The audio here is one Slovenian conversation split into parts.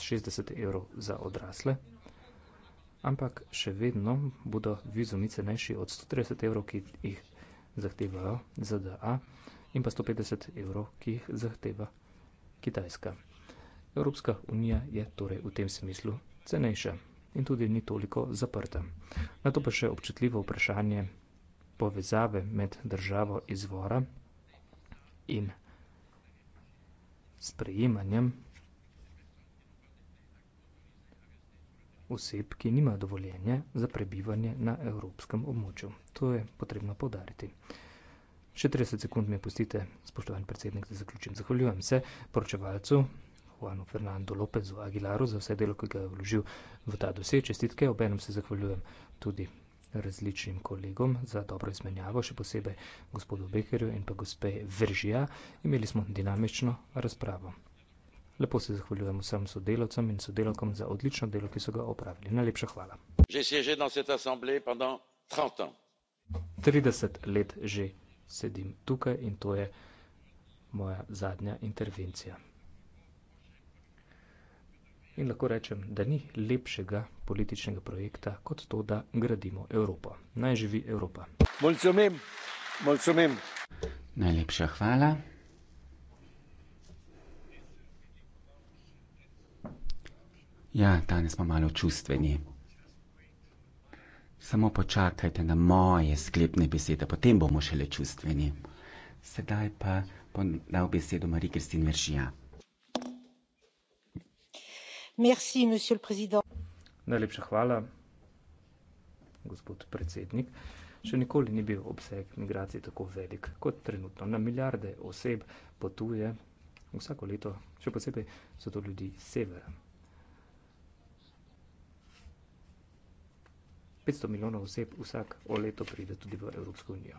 60 evrov za odrasle, ampak še vedno bodo vizumi cenejši od 130 evrov, ki jih zahtevajo ZDA in pa 150 evrov, ki jih zahteva Kitajska. Evropska unija je torej v tem smislu cenejša in tudi ni toliko zaprta. Na to pa še občutljivo vprašanje povezave med državo izvora in sprejemanjem oseb, ki nimajo dovoljenja za prebivanje na evropskem območju. To je potrebno podariti. Še 30 sekund mi pustite, spoštovani predsednik, da zaključim. Zahvaljujem se poročevalcu Juanu Fernando Lopezu Aguilaru za vse delo, ki ga je vložil v ta dosej. Čestitke, obenem se zahvaljujem tudi različnim kolegom za dobro izmenjavo, še posebej gospodu Bekerju in pa gospe Veržija. Imeli smo dinamično razpravo. Lepo se zahvaljujem vsem sodelavcem in sodelavkam za odlično delo, ki so ga opravili. Najlepša hvala. Trideset let že sedim tukaj in to je moja zadnja intervencija. In lahko rečem, da ni lepšega političnega projekta kot to, da gradimo Evropo. Naj živi Evropa. Mulcumim. Mulcumim. Najlepša hvala. Ja, danes smo malo čustveni. Samo počakajte na moje sklepne besede, potem bomo šele čustveni. Sedaj pa bom dal besedo Mariji Kristini Veržija. Najlepša hvala, gospod predsednik. Še nikoli ni bil obseg migracij tako velik kot trenutno. Na milijarde oseb potuje vsako leto, še posebej so to ljudi severa. 500 milijonov oseb vsak o leto pride tudi v Evropsko unijo.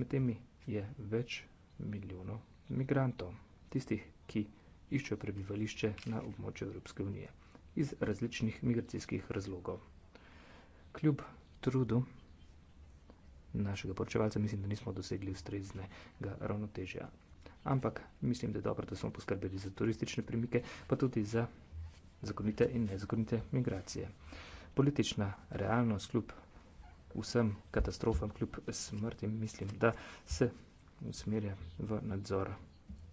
Med temi je več milijonov migrantov, tistih, ki iščejo prebivališče na območju Evropske unije iz različnih migracijskih razlogov. Kljub trudu našega poročevalca mislim, da nismo dosegli ustreznega ravnotežja. Ampak mislim, da je dobro, da smo poskrbeli za turistične premike, pa tudi za zakonite in nezakonite migracije politična realnost, kljub vsem katastrofam, kljub smrti, mislim, da se usmerja v nadzor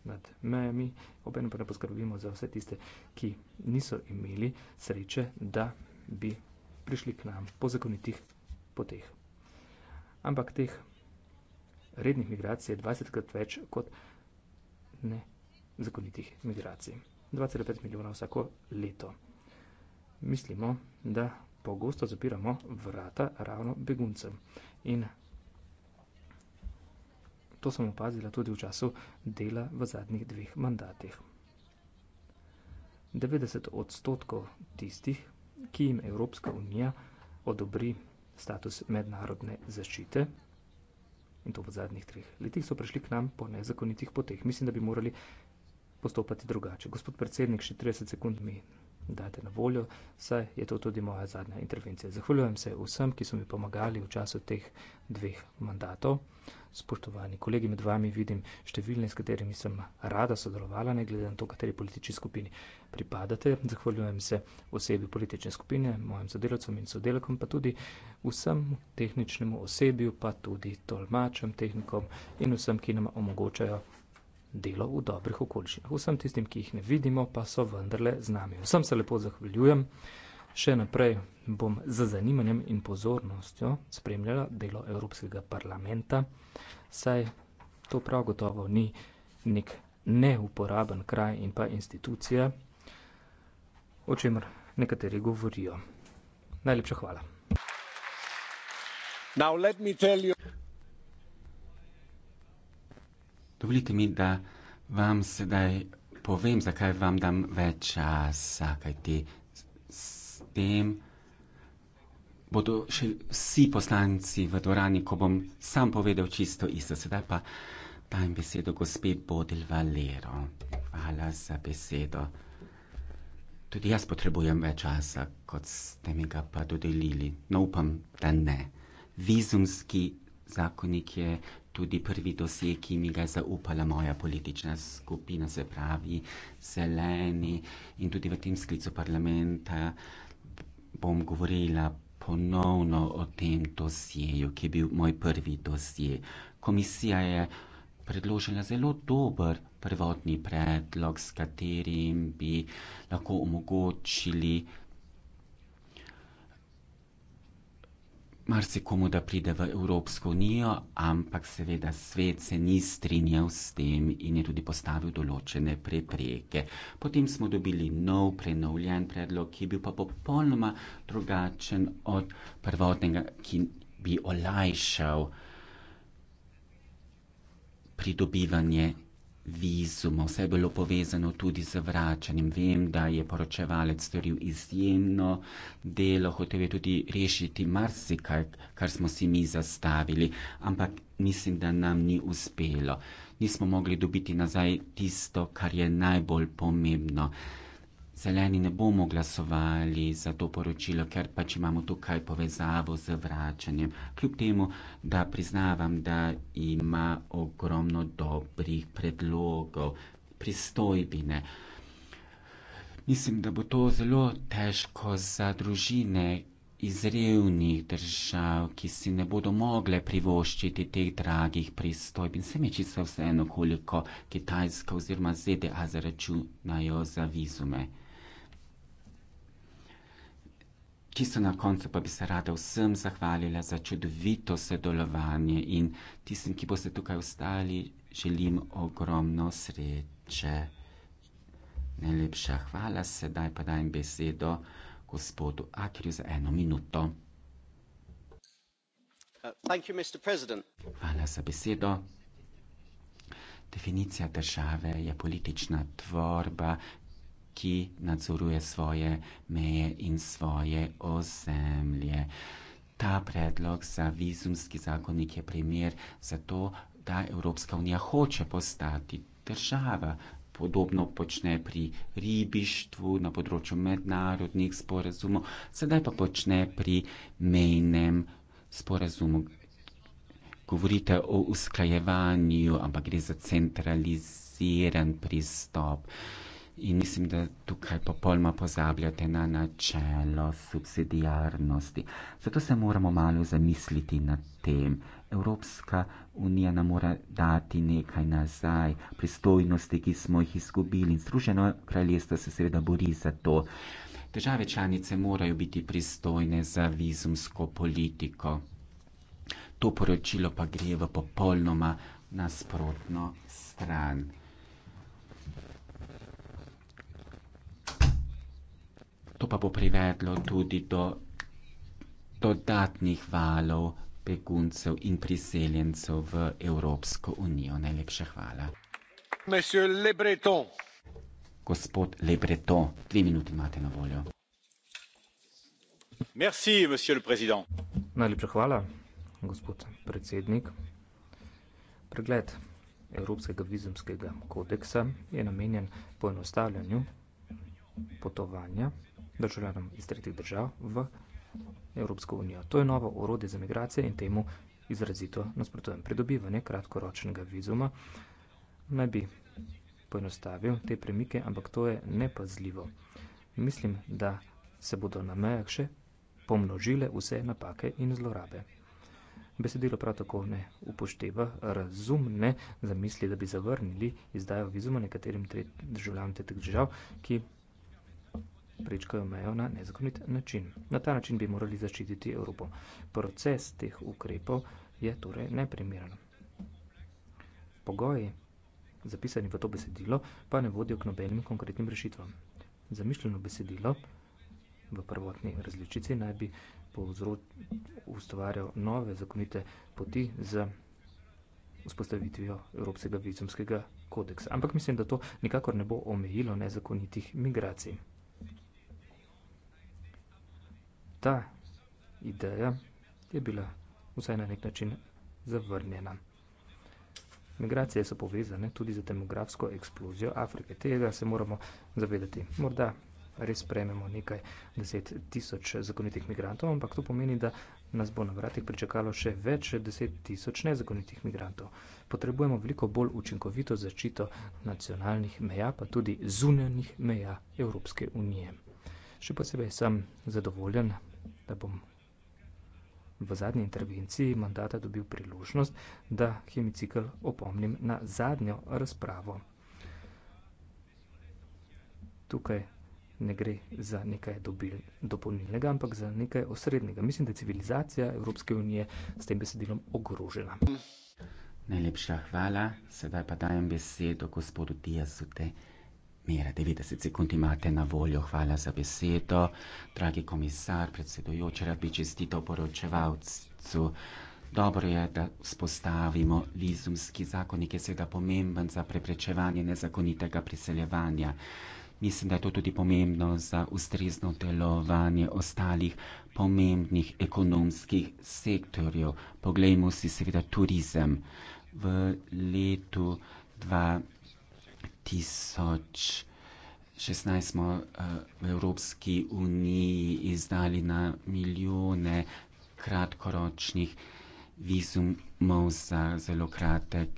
nad mejami. Obenem pa ne poskrbimo za vse tiste, ki niso imeli sreče, da bi prišli k nam po zakonitih poteh. Ampak teh rednih migracij je 20krat več kot nezakonitih migracij. 2,5 milijona vsako leto. Mislimo, da pogosto zapiramo vrata ravno beguncem. In to sem opazila tudi v času dela v zadnjih dveh mandatih. 90 odstotkov tistih, ki jim Evropska unija odobri status mednarodne zaščite, in to v zadnjih treh letih, so prišli k nam po nezakonitih poteh. Mislim, da bi morali postopati drugače. Gospod predsednik, še 30 sekund mi dajte na voljo, saj je to tudi moja zadnja intervencija. Zahvaljujem se vsem, ki so mi pomagali v času teh dveh mandatov. Spoštovani kolegi, med vami vidim številne, s katerimi sem rada sodelovala, ne glede na to, kateri politični skupini pripadate. Zahvaljujem se osebi politične skupine, mojim sodelovcem in sodelkom, pa tudi vsem tehničnemu osebju, pa tudi tolmačem, tehnikom in vsem, ki nam omogočajo delo v dobrih okoliščinah. Vsem tistim, ki jih ne vidimo, pa so vendarle z nami. Vsem se lepo zahvaljujem. Še naprej bom z zanimanjem in pozornostjo spremljala delo Evropskega parlamenta, saj to prav gotovo ni nek neuporaben kraj in pa institucija, o čemer nekateri govorijo. Najlepša hvala. Now let me tell you. Dovolite mi, da vam sedaj povem, zakaj vam dam več časa, kajti s tem bodo še vsi poslanci v dvorani, ko bom sam povedal čisto isto. Sedaj pa dajem besedo gospe Bodil Valero. Hvala za besedo. Tudi jaz potrebujem več časa, kot ste mi ga pa dodelili. No, upam, da ne. Vizumski zakonik je tudi prvi dosek, ki mi ga zaupala moja politična skupina, se pravi Zeleni. In tudi v tem sklicu parlamenta bom govorila ponovno o tem dosjeju, ki je bil moj prvi dosje. Komisija je predložila zelo dober prvotni predlog, s katerim bi lahko omogočili marsikomu, da pride v Evropsko unijo, ampak seveda svet se ni strinjal s tem in je tudi postavil določene prepreke. Potem smo dobili nov prenovljen predlog, ki je bil pa popolnoma drugačen od prvotnega, ki bi olajšal pridobivanje vizumov, vse je bilo povezano tudi z vračanjem. Vem, da je poročevalec storil izjemno delo, hotel je tudi rešiti marsikaj, kar smo si mi zastavili, ampak mislim, da nam ni uspelo. Nismo mogli dobiti nazaj tisto, kar je najbolj pomembno. Zeleni ne bomo glasovali za to poročilo, ker pač imamo tukaj povezavo z vračanjem. Kljub temu, da priznavam, da ima ogromno dobrih predlogov, pristojbine. Mislim, da bo to zelo težko za družine iz revnih držav, ki si ne bodo mogle privoščiti teh dragih pristojbin. Se mi čisto vseeno, koliko Kitajska oziroma ZDA zaračunajo za vizume. Čisto na koncu pa bi se rada vsem zahvalila za čudovito sodelovanje in tistim, ki boste tukaj ostali, želim ogromno sreče. Najlepša hvala, sedaj pa dajem besedo gospodu Akriju za eno minuto. Uh, hvala za besedo. Definicija države je politična tvorba, ki nadzoruje svoje meje in svoje ozemlje. Ta predlog za vizumski zakonnik je primer za to, da Evropska unija hoče postati država. Podobno počne pri ribištvu na področju mednarodnih sporazumov, sedaj pa počne pri mejnem sporazumu. Govorite o usklajevanju, ampak gre za centraliziran pristop. Uh, In mislim, da tukaj popolnoma pozabljate na načelo subsidijarnosti. Zato se moramo malo zamisliti nad tem. Evropska unija nam mora dati nekaj nazaj, pristojnosti, ki smo jih izgubili in Združeno kraljestvo se seveda bori za to. Države članice morajo biti pristojne za vizumsko politiko. To poročilo pa gre v popolnoma nasprotno stran. to pa bo privedlo tudi do dodatnih valov beguncev in priseljencev v Evropsko unijo. Najlepša hvala. Monsieur Le Breton. Gospod Le Breton, dve minuti imate na voljo. Merci, monsieur le président. Najlepša hvala, gospod predsednik. Pregled Evropskega vizumskega kodeksa je namenjen poenostavljanju potovanja državljanom iz tretjih držav v Evropsko unijo. To je novo orodje za migracije in temu izrazito nasprotujem. Pridobivanje kratkoročnega vizuma naj bi poenostavil te premike, ampak to je nepazljivo. Mislim, da se bodo na mejah še pomnožile vse napake in zlorabe. Besedilo prav tako ne upošteva razumne zamisli, da bi zavrnili izdajo vizuma nekaterim državljanom tretjih držav, ki prečkajo mejo na nezakonit način. Na ta način bi morali zaščititi Evropo. Proces teh ukrepov je torej neprimeren. Pogoji, zapisani v to besedilo, pa ne vodijo k nobenim konkretnim rešitvam. Zamišljeno besedilo v prvotni različici naj bi ustvarjal nove zakonite poti za vzpostavitvijo Evropskega vizumskega kodeksa. Ampak mislim, da to nikakor ne bo omejilo nezakonitih migracij. ta ideja je bila vsaj na nek način zavrnjena. Migracije so povezane tudi z demografsko eksplozijo Afrike. Tega se moramo zavedati. Morda res prejmemo nekaj deset tisoč zakonitih migrantov, ampak to pomeni, da nas bo na vratih pričakalo še več deset tisoč nezakonitih migrantov. Potrebujemo veliko bolj učinkovito zaščito nacionalnih meja, pa tudi zunanjih meja Evropske unije. Še posebej sem zadovoljen da bom v zadnji intervenciji mandata dobil priložnost, da hemicikl opomnim na zadnjo razpravo. Tukaj ne gre za nekaj dobil, dopolnilnega, ampak za nekaj osrednjega. Mislim, da je civilizacija Evropske unije s tem besedilom ogrožena. Najlepša hvala. Sedaj pa dajem besedo gospodu Diazu. Mire, 90 sekund imate na voljo, hvala za besedo. Dragi komisar, predsedujoči, rad bi čestito poročevalcu. Dobro je, da spostavimo vizumski zakonik, ki je seveda pomemben za preprečevanje nezakonitega priseljevanja. Mislim, da je to tudi pomembno za ustrezno delovanje ostalih pomembnih ekonomskih sektorjev. Poglejmo si seveda turizem. V letu 2020 2016 smo eh, v Evropski uniji izdali na milijone kratkoročnih vizumov za zelo kratek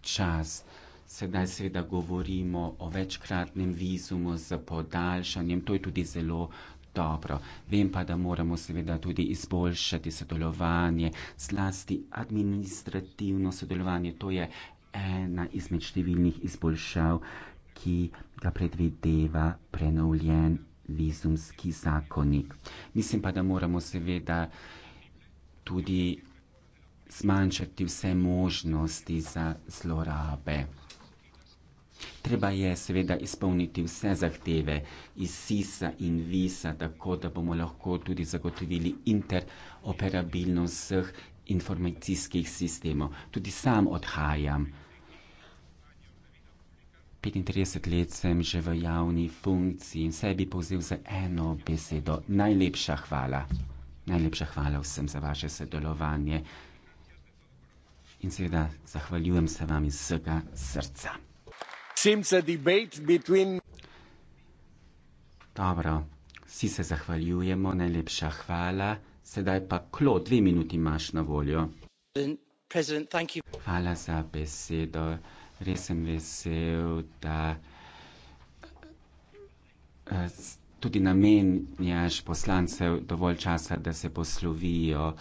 čas. Sedaj seveda govorimo o večkratnem vizumu z podaljšanjem, to je tudi zelo dobro. Vem pa, da moramo seveda tudi izboljšati sodelovanje, zlasti administrativno sodelovanje, to je ena izmed številnih izboljšav, ki ga predvideva prenovljen vizumski zakonik. Mislim pa, da moramo seveda tudi zmanjšati vse možnosti za zlorabe. Treba je seveda izpolniti vse zahteve iz SISA in VISA, tako da bomo lahko tudi zagotovili interoperabilnost vseh informacijskih sistemov. Tudi sam odhajam. 35 let sem že v javni funkciji in sebi povzel z eno besedo. Najlepša hvala. Najlepša hvala vsem za vaše sodelovanje. In seveda zahvaljujem se vam iz vsega srca. Between... Dobro, vsi se zahvaljujemo, najlepša hvala. Sedaj pa klo, dve minuti imaš na voljo. President, thank you. Hvala za besedo. Uh, Res sem vesel, da eh, tudi namenjaš poslancev dovolj časa, da se poslovijo.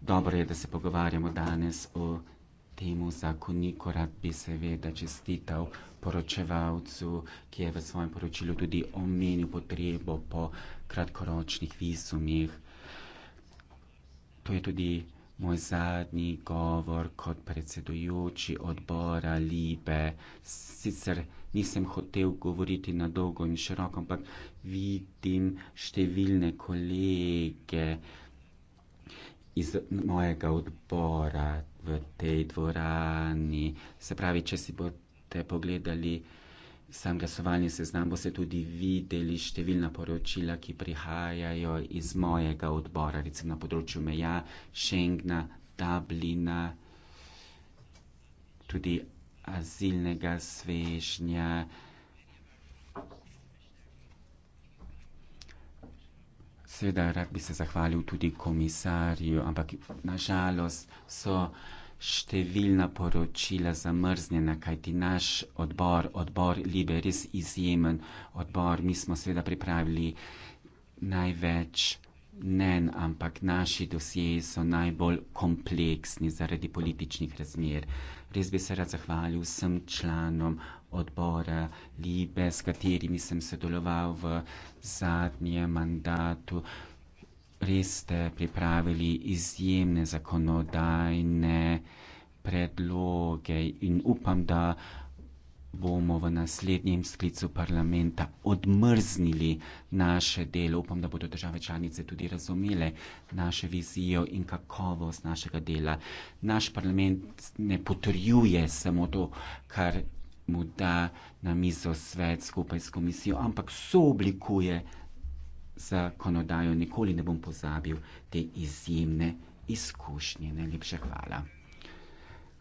Dobro je, da se pogovarjamo danes o temu zakoniku, rad bi seveda čestital poročevalcu, ki je v svojem poročilu tudi omenil potrebo po kratkoročnih visumih. To je tudi Moj zadnji govor kot predsedujoči odbora Libe. Sicer nisem hotel govoriti na dolgo in široko, ampak vidim številne kolege iz mojega odbora v tej dvorani. Se pravi, če si boste pogledali sam glasovalni seznam boste tudi videli številna poročila, ki prihajajo iz mojega odbora, recimo na področju meja, Schengna, Dublina, tudi azilnega svežnja. Seveda, rad bi se zahvalil tudi komisarju, ampak nažalost so številna poročila zamrznjena, kajti naš odbor, odbor Libe, res izjemen odbor, mi smo seveda pripravili največ mnen, ampak naši dosjeji so najbolj kompleksni zaradi političnih razmer. Res bi se rad zahvalil vsem članom odbora Libe, s katerimi sem sodeloval v zadnjem mandatu res ste pripravili izjemne zakonodajne predloge in upam, da bomo v naslednjem sklicu parlamenta odmrznili naše delo. Upam, da bodo države članice tudi razumele naše vizijo in kakovost našega dela. Naš parlament ne potrjuje samo to, kar mu da na mizo svet skupaj s komisijo, ampak sooblikuje zakonodajo, nikoli ne bom pozabil te izjemne izkušnje. Najlepša hvala.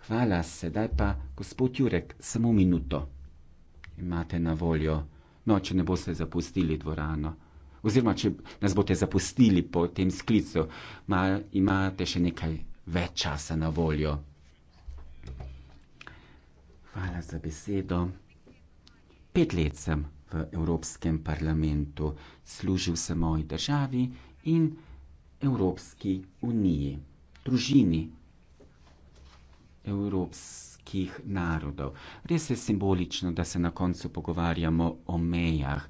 Hvala, sedaj pa gospod Jurek, samo minuto imate na voljo. No, če ne boste zapustili dvorano, oziroma če nas boste zapustili po tem sklicu, ma, imate še nekaj več časa na voljo. Hvala za besedo. Pet let sem Evropskem parlamentu. Služil sem moji državi in Evropski uniji, družini evropskih narodov. Res je simbolično, da se na koncu pogovarjamo o mejah.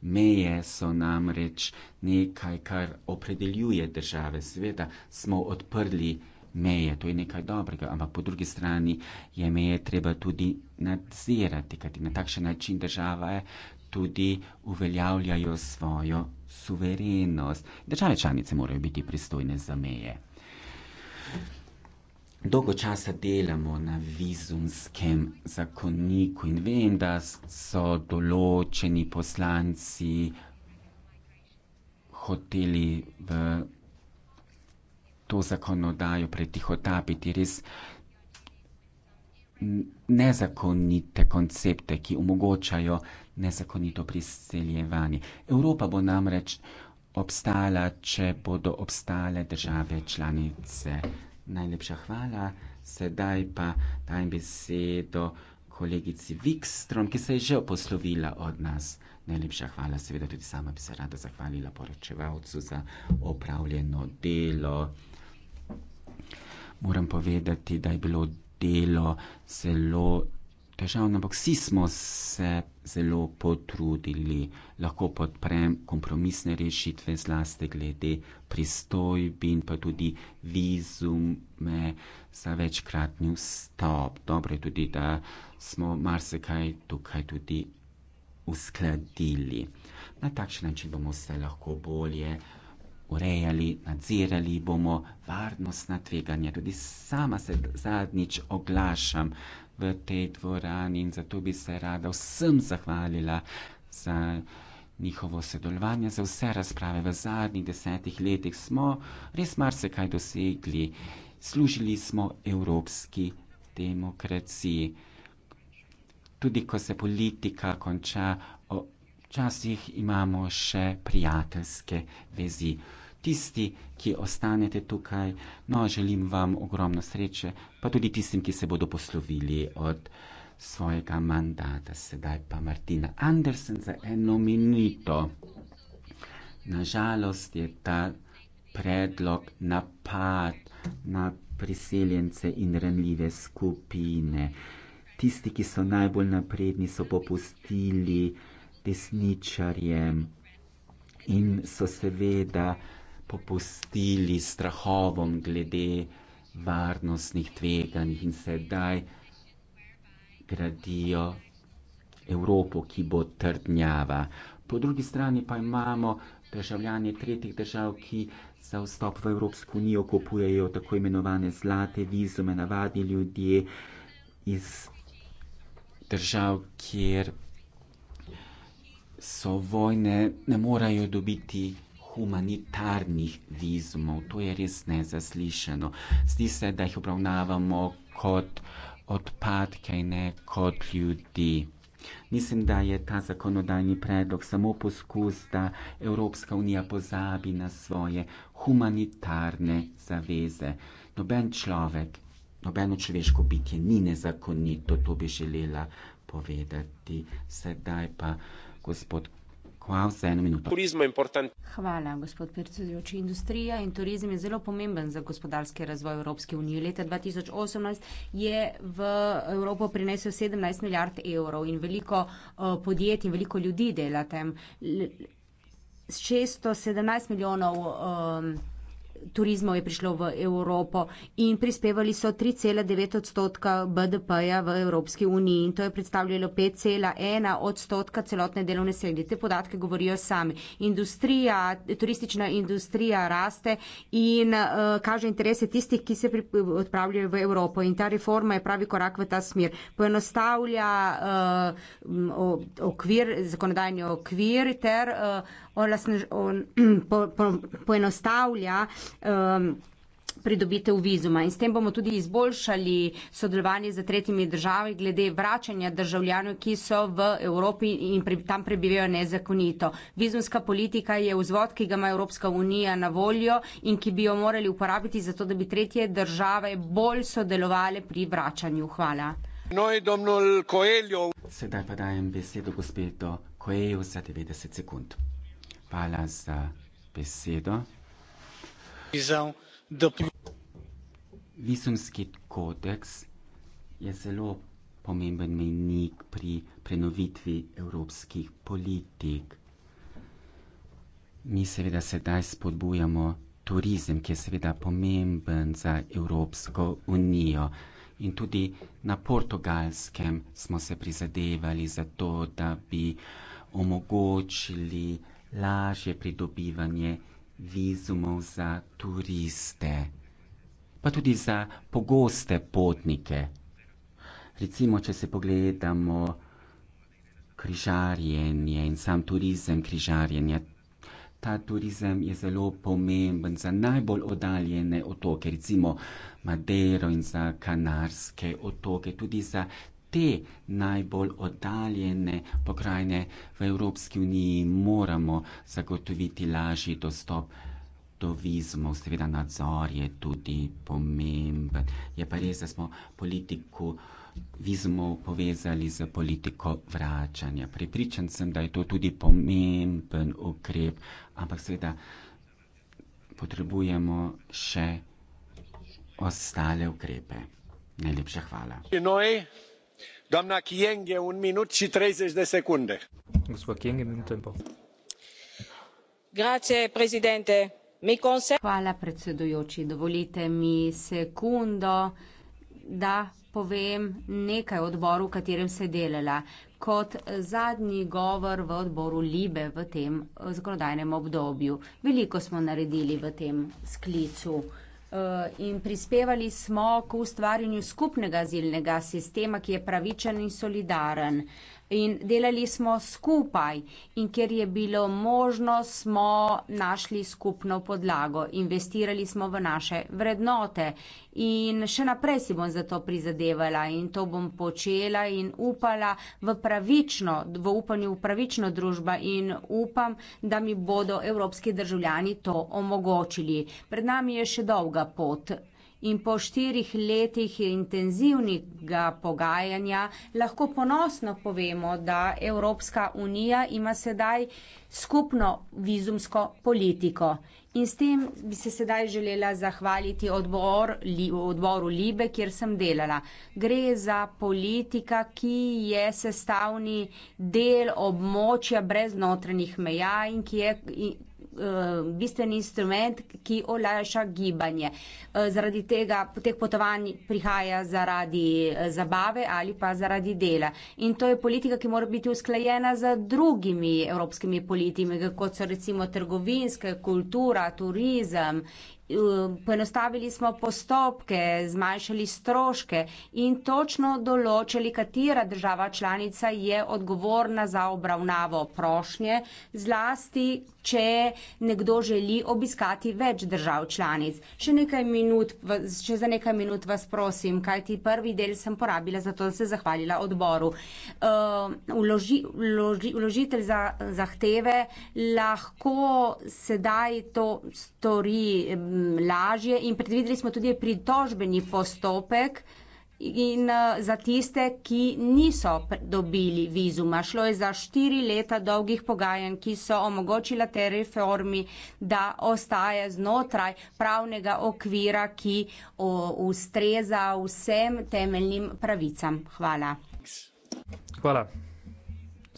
Meje so namreč nekaj, kar opredeljuje države. Sveda smo odprli meje, to je nekaj dobrega, ampak po drugi strani je meje treba tudi nadzirati, kajti na takšen način država je tudi uveljavljajo svojo suverenost. Države članice morajo biti pristojne za meje. Dolgo časa delamo na vizumskem zakoniku in vem, da so določeni poslanci hoteli v to zakonodajo pretihotapiti res nezakonite koncepte, ki omogočajo nezakonito priseljevanje. Evropa bo namreč obstala, če bodo obstale države članice. Najlepša hvala. Sedaj pa dajem besedo kolegici Vikstrom, ki se je že poslovila od nas. Najlepša hvala, seveda tudi sama bi se rada zahvalila poročevalcu za opravljeno delo. Moram povedati, da je bilo delo zelo težav, ampak vsi smo se zelo potrudili, lahko podprem kompromisne rešitve, zlasti glede pristojbi in pa tudi vizume za večkratni vstop. Dobro je tudi, da smo marsikaj tukaj tudi uskladili. Na takšen način bomo se lahko bolje urejali, nadzirali bomo varnostna tveganja. Tudi sama se zadnjič oglašam v tej dvorani in zato bi se rada vsem zahvalila za njihovo sodelovanje, za vse razprave. V zadnjih desetih letih smo res marsikaj dosegli. Služili smo evropski demokraciji. Tudi ko se politika konča, včasih imamo še prijateljske vezi tisti, ki ostanete tukaj. No, želim vam ogromno sreče, pa tudi tistim, ki se bodo poslovili od svojega mandata. Sedaj pa Martina Andersen za eno minuto. Nažalost je ta predlog napad na priseljence in renljive skupine. Tisti, ki so najbolj napredni, so popustili desničarjem in so seveda popustili strahovom glede varnostnih tveganj in sedaj gradijo Evropo, ki bo trdnjava. Po drugi strani pa imamo državljane tretjih držav, ki za vstop v Evropsko unijo kupujejo tako imenovane zlate vizume, navadni ljudje iz držav, kjer so vojne, ne morajo dobiti humanitarnih vizumov. To je res nezaslišano. Zdi se, da jih obravnavamo kot odpadke in ne kot ljudi. Mislim, da je ta zakonodajni predlog samo poskus, da Evropska unija pozabi na svoje humanitarne zaveze. Noben človek, nobeno človeško bitje ni nezakonito, to bi želela povedati. Sedaj pa gospod Hvala za eno minuto. Turizem je pomemben. Hvala, gospod predsedujoči. Industrija in turizem je zelo pomemben za gospodarski razvoj Evropske unije. Leta 2018 je v Evropo prinesel 17 milijard evrov in veliko uh, podjetij in veliko ljudi dela tam. L 617 milijonov. Um, turizmov je prišlo v Evropo in prispevali so 3,9 odstotka BDP-ja v Evropski uniji in to je predstavljalo 5,1 odstotka celotne delovne sredi. Te podatke govorijo sami. Industrija, turistična industrija raste in uh, kaže interese tistih, ki se odpravljajo v Evropo in ta reforma je pravi korak v ta smer. Poenostavlja uh, okvir, zakonodajni okvir ter uh, olasne, on, po, po, poenostavlja uh, um, pridobitev vizuma in s tem bomo tudi izboljšali sodelovanje z tretjimi državami glede vračanja državljanov, ki so v Evropi in pri, tam prebivajo nezakonito. Vizumska politika je vzvod, ki ga ima Evropska unija na voljo in ki bi jo morali uporabiti zato, da bi tretje države bolj sodelovali pri vračanju. Hvala. Sedaj pa dajem besedo gospodu Koeju za 90 sekund. Hvala za besedo prisão do Visumski kodeks je zelo pomemben mejnik pri prenovitvi evropskih politik. Mi seveda sedaj spodbujamo turizem, ki je seveda pomemben za Evropsko unijo. In tudi na portugalskem smo se prizadevali za to, da bi omogočili lažje pridobivanje vizumov za turiste, pa tudi za pogoste potnike. Recimo, če se pogledamo križarjenje in sam turizem križarjenja. Ta turizem je zelo pomemben za najbolj oddaljene otoke, recimo Madero in za Kanarske otoke, tudi za te najbolj oddaljene pokrajine v Evropski uniji moramo zagotoviti lažji dostop do vizumov, seveda nadzor je tudi pomemben. Je pa res, da smo politiko vizumov povezali z politiko vračanja. Pripričan sem, da je to tudi pomemben ukrep, ampak seveda potrebujemo še ostale ukrepe. Najlepša hvala. Inoj. E e hvala predsedujoči dovolite mi sekundo da povem nekaj o odboru v katerem sem delala. kot zadnji govor v odboru libe v tem eh, zakonodajnem obdobju. veliko smo naredili v tem sklicu. Eh, in prispevali smo k ustvarjanju skupnega azilnega sistema, ki je pravičen in solidaren. Uh, in delali smo skupaj in ker je bilo možno, smo našli skupno podlago, investirali smo v naše vrednote in še naprej si bom za to prizadevala in to bom počela in upala v pravično, v upanju v pravično družba in upam, da mi bodo evropski državljani to omogočili. Pred nami je še dolga pot in po štirih letih intenzivnega pogajanja lahko ponosno povemo, da Evropska unija ima sedaj skupno vizumsko politiko. In s tem bi se sedaj želela zahvaliti odbor, odboru Libe, kjer sem delala. Gre za politika, ki je sestavni del območja brez notranjih meja in ki je Eh, bistveni instrument, ki olajša gibanje. Eh, zaradi tega teh potovanj prihaja zaradi eh, zabave ali pa zaradi dela. In to je politika, ki mora biti usklajena z drugimi evropskimi politikami, kot so recimo trgovinske, kultura, turizem Um, poenostavili smo postopke, zmanjšali stroške in točno določili, katera država članica je odgovorna za obravnavo prošnje, zlasti, če nekdo želi obiskati več držav članic. Še nekaj minut, še za nekaj minut vas prosim, kajti prvi del sem porabila, zato sem se zahvalila odboru. Uloži, um, uloži, uložitelj za zahteve lahko sedaj to stori lažje in predvideli smo tudi pritožbeni postopek in eh, za tiste, ki niso dobili vizuma. Šlo je za štiri leta dolgih pogajanj, ki so omogočila te reformi, da ostaje znotraj pravnega okvira, ki ustreza vsem temeljnim pravicam. Hvala. Hvala.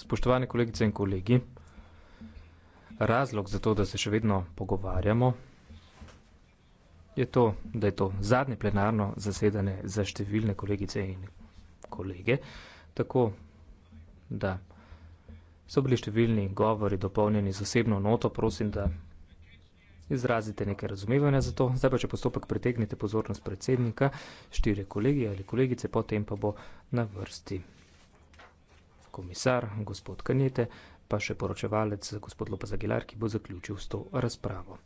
Spoštovane kolegice in kolegi, razlog za to, da se še vedno pogovarjamo, je to, da je to zadnje plenarno zasedanje za številne kolegice in kolege, tako da so bili številni govori dopolnjeni z osebno noto, prosim, da izrazite nekaj razumevanja za to. Zdaj pa, če postopek pritegnite pozornost predsednika, štiri kolegi ali kolegice, potem pa bo na vrsti komisar, gospod Kanjete, pa še poročevalec, gospod Lopez Aguilar, ki bo zaključil s to razpravo.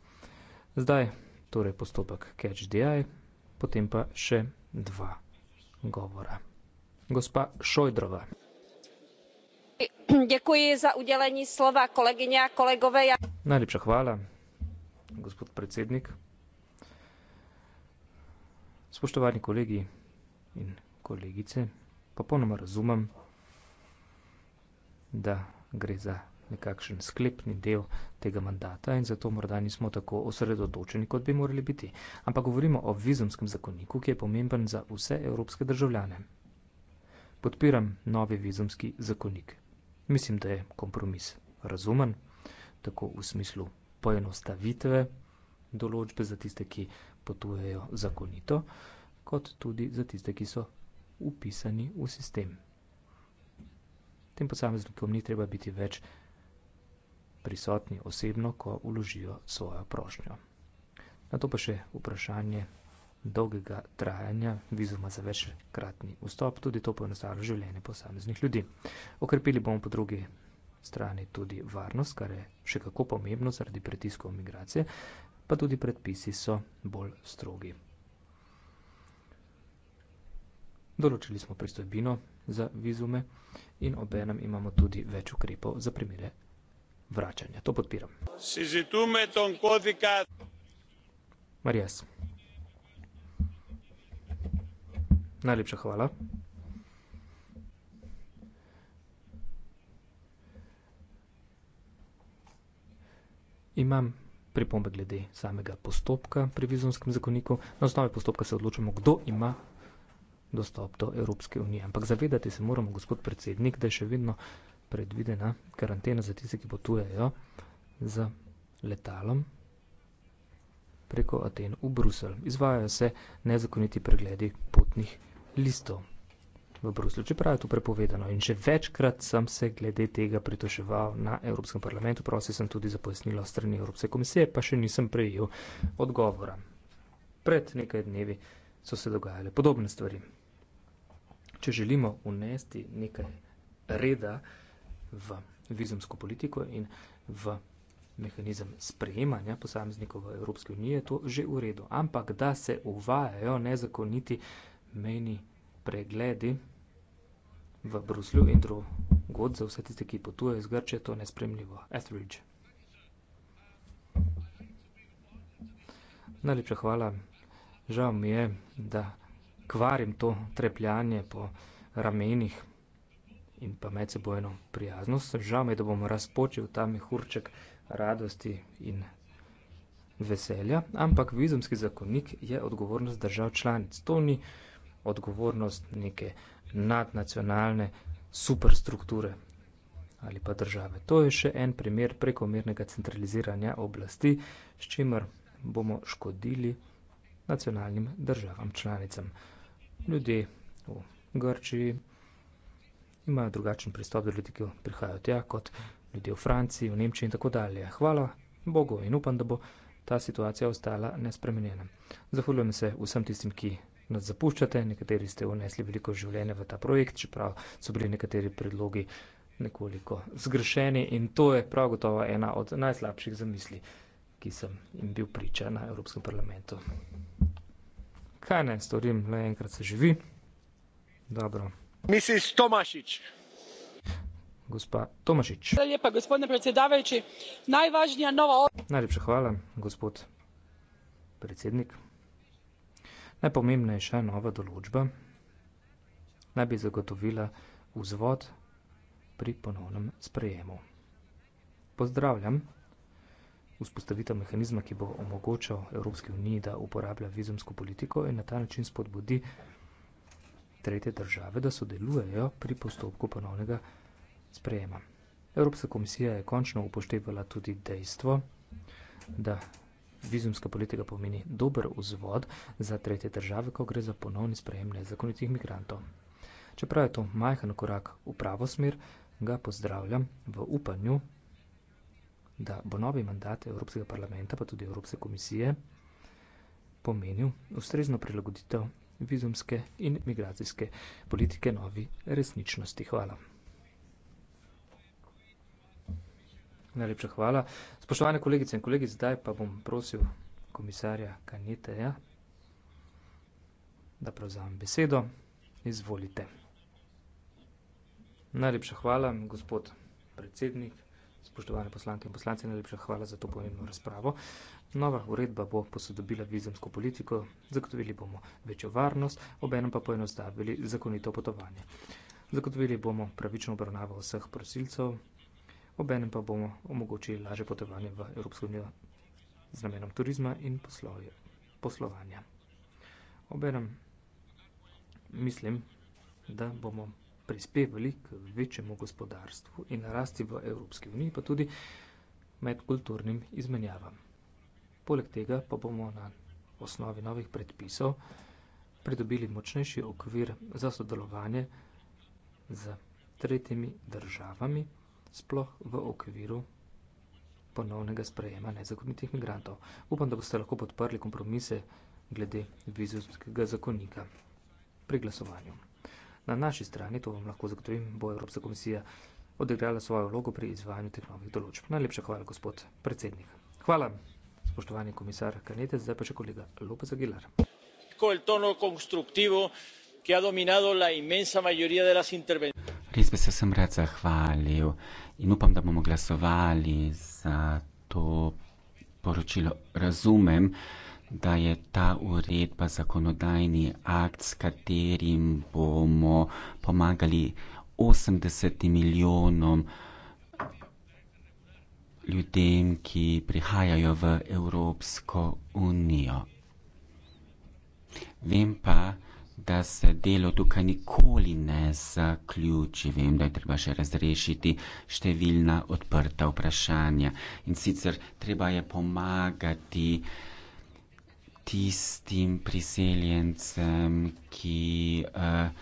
Zdaj, torej postopek catch-di, potem pa še dva govora. Gospa Šojdrova. Děkuji za udělení slova, kolegyně a kolegové. Já... Najlepša hvala, gospod predsednik. Spoštovani kolegi in kolegice, popolnoma razumem, da gre za nekakšen sklepni del tega mandata in zato morda nismo tako osredotočeni, kot bi morali biti. Ampak govorimo o vizumskem zakoniku, ki je pomemben za vse evropske državljane. Podpiram novi vizumski zakonik. Mislim, da je kompromis razumen, tako v smislu poenostavitve določbe za tiste, ki potujejo zakonito, kot tudi za tiste, ki so upisani v sistem. Tem posameznikom ni treba biti več prisotni osebno, ko vložijo svojo prošnjo. Na to pa še vprašanje dolgega trajanja vizuma za večkratni vstop, tudi to poenostavlja življenje posameznih ljudi. Okrepili bomo po drugi strani tudi varnost, kar je še kako pomembno zaradi pritiskov migracije, pa tudi predpisi so bolj strogi. Določili smo pristojbino za vizume in obenem imamo tudi več ukrepov za primere vračanja. To podpiram. Marias. Najlepša hvala. Imam pripombe glede samega postopka pri vizumskem zakoniku. Na osnovi postopka se odločamo, kdo ima dostop do Evropske unije. Ampak zavedati se moramo, gospod predsednik, da je še vedno predvidena karantena za tiste, ki potujejo z letalom preko Aten v Bruselj. Izvajajo se nezakoniti pregledi potnih listov v Bruselj, čeprav je to prepovedano. In že večkrat sem se glede tega pritoževal na Evropskem parlamentu, prosil sem tudi za pojasnilo strani Evropske komisije, pa še nisem prejel odgovora. Pred nekaj dnevi so se dogajale podobne stvari. Če želimo unesti nekaj reda, v vizumsko politiko in v mehanizem sprejemanja posameznikov v Evropske unije, to že v redu. Ampak, da se uvajajo nezakoniti meni pregledi v Bruslju in drugod za vse tiste, ki potujejo iz Grče, to nespremljivo. Etheridge. Najlepša hvala. Žal mi je, da kvarim to trepljanje po ramenih, in pa medsebojno prijaznost. Žal mi je, da bom razpočil ta mehurček radosti in veselja, ampak vizumski zakonnik je odgovornost držav članic. To ni odgovornost neke nadnacionalne superstrukture ali pa države. To je še en primer prekomernega centraliziranja oblasti, s čimer bomo škodili nacionalnim državam članicam. Ljudje v Grčiji, imajo drugačen pristop do ljudi, ki prihajajo tja, kot ljudje v Franciji, v Nemčiji in tako dalje. Hvala Bogu in upam, da bo ta situacija ostala nespremenjena. Zahvaljujem se vsem tistim, ki nas zapuščate, nekateri ste vnesli veliko življenja v ta projekt, čeprav so bili nekateri predlogi nekoliko zgrešeni in to je prav gotovo ena od najslabših zamisli, ki sem jim bil priča na Evropskem parlamentu. Kaj naj storim, le enkrat se živi. Dobro gospodine predsjedavajui najvanija nova. najlepša hvala gospod predsjednik najpomembnejša nova določba naj bi zagotovila vzvod pri ponovnem sprejemu pozdravljam vzpostavitev mehanizma ki bo omogočal evropski uniji da uporablja vizumsko politiko in na ta način spodbudi tretje države, da sodelujejo pri postopku ponovnega sprejema. Evropska komisija je končno upoštevala tudi dejstvo, da vizumska politika pomeni dober vzvod za tretje države, ko gre za ponovni sprejem nezakonitih migrantov. Čeprav je to majhen korak v pravo smer, ga pozdravljam v upanju, da bo novi mandat Evropskega parlamenta, pa tudi Evropske komisije, pomenil ustrezno prilagoditev vizumske in migracijske politike novi resničnosti. Hvala. Najlepša hvala. Spoštovane kolegice in kolegi, zdaj pa bom prosil komisarja Kaneteja, da prevzamem besedo. Izvolite. Najlepša hvala, gospod predsednik spoštovane poslanke in poslanci, najlepša hvala za to pomembno razpravo. Nova uredba bo posodobila vizemsko politiko, zagotovili bomo večjo varnost, obenem pa poenostavili zakonito potovanje. Zagotovili bomo pravično obravnavo vseh prosilcev, obenem pa bomo omogočili laže potovanje v Evropsko unijo z namenom turizma in poslovje, poslovanja. Obenem mislim, da bomo prispevali k večjemu gospodarstvu in rasti v Evropski uniji, pa tudi medkulturnim izmenjavam. Poleg tega pa bomo na osnovi novih predpisov pridobili močnejši okvir za sodelovanje z tretjimi državami, sploh v okviru ponovnega sprejema nezakonitih migrantov. Upam, da boste lahko podprli kompromise glede vizijskega zakonika pri glasovanju. Na naši strani, to vam lahko zagotovim, bo Evropska komisija odigrala svojo vlogo pri izvajanju teh novih določb. Najlepša hvala, gospod predsednik. Hvala, spoštovani komisar Kanete, zdaj pa še kolega Lopez Aguilar. Res bi se vsem rad zahvalil in upam, da bomo glasovali za to poročilo. Razumem, da da je ta uredba zakonodajni akt, s katerim bomo pomagali 80 milijonom ljudem, ki prihajajo v Evropsko unijo. Vem pa, da se delo tukaj nikoli ne zaključi. Vem, da je treba še razrešiti številna odprta vprašanja. In sicer treba je pomagati tistim priseljencem, ki uh,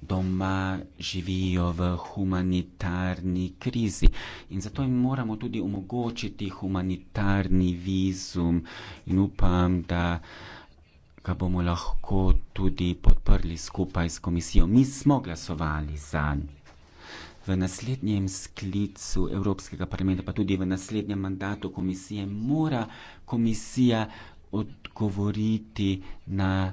doma živijo v humanitarni krizi. In zato jim moramo tudi omogočiti humanitarni vizum in upam, da ga bomo lahko tudi podprli skupaj s komisijo. Mi smo glasovali za njo. V naslednjem sklicu Evropskega parlamenta, pa tudi v naslednjem mandatu komisije, mora komisija odgovoriti na